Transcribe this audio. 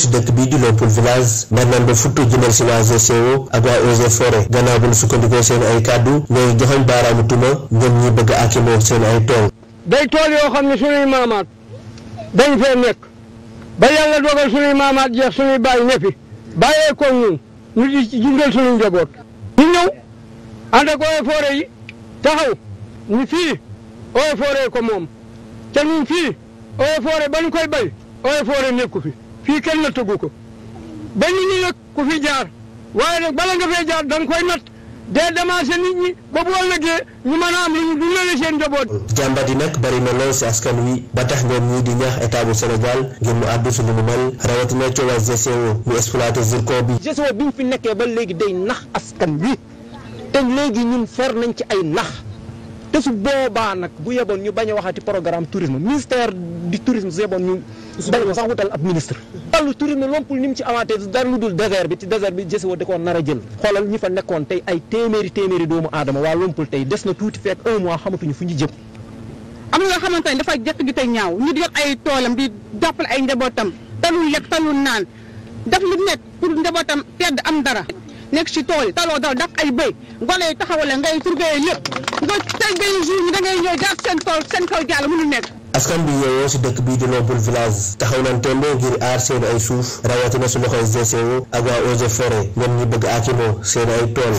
ci dëkk bi di Lompoul village Bernardo ba Futtu jëmal si waa GCO ak waa eaux et forêt gannaaw bu ñu sukkandikoo seen ay kàddu ñooy joxoñ baaraamu tuma ñoom ñi bëgg a akimoo seen ay tool. day tool yoo xam ne suñuy maamaat dañ fee nekk ba yàlla dogal suñuy maamaat jeex suñuy bàyyi ne fi bàyyee ko ñun ñu di jundal suñu njaboot. ñëw ànd ak eaux et yi taxaw ñu fii eaux et forêt ko moom te ñun fii eaux et forêt ba ñu koy bay eaux et nekku fi. fii kenn na tëggu ko benn ñi nag ku fi jaar waaye nag bala nga fee jaar da nga koy natt dee demancé nit ñi ba bu ëllëgee ñu mën a am lu ñu dundale seen njaboot. jàmbat yi nag bari na lool si askan wi ba tax ñoom ñii di ñaax état bu Sénégal ngir mu àddu si lu mu mel rawatina coowal GCO mu exploité zircon bi. GCO bi mu fi nekkee ba léegi day nax askan wi te léegi ñun fer nañ ci ay nax. te su boobaa nag bu yeboon ñu bañ a waxaati programme tourisme ministère du tourisme su yeboon ñu dañ ko sax wutal ab ministre wàllu tourisme lompul ni mu ci avantage dara lu dul désert bi ci désert bi jësi woo da koo a jël xoolal ñi fa nekkoon tey ay téeméeri téeméeri doomu aadama waa lompul tey des na tuuti fekk un mois xamatuñu fu ñu jëm am na nga xamante ne dafa jëkk ju tey ñaaw ñu di yor ay toolam di jàppale ay njabootam talul lekk talul naan daf lu nekk pour njabootam tedd am dara nekk ci tool yi taloo dara dak ay béy gone yi taxawale ngay turgee lépp nga tey benn jour ñi da ngay seen tool seen kaw jàll nekk askan bi yeewoo si dëkk bii di Lompoul village taxaw nañ tembe ngir aar seen ay suuf rawatina su loxoy GCO ak waa eaux seen ay tool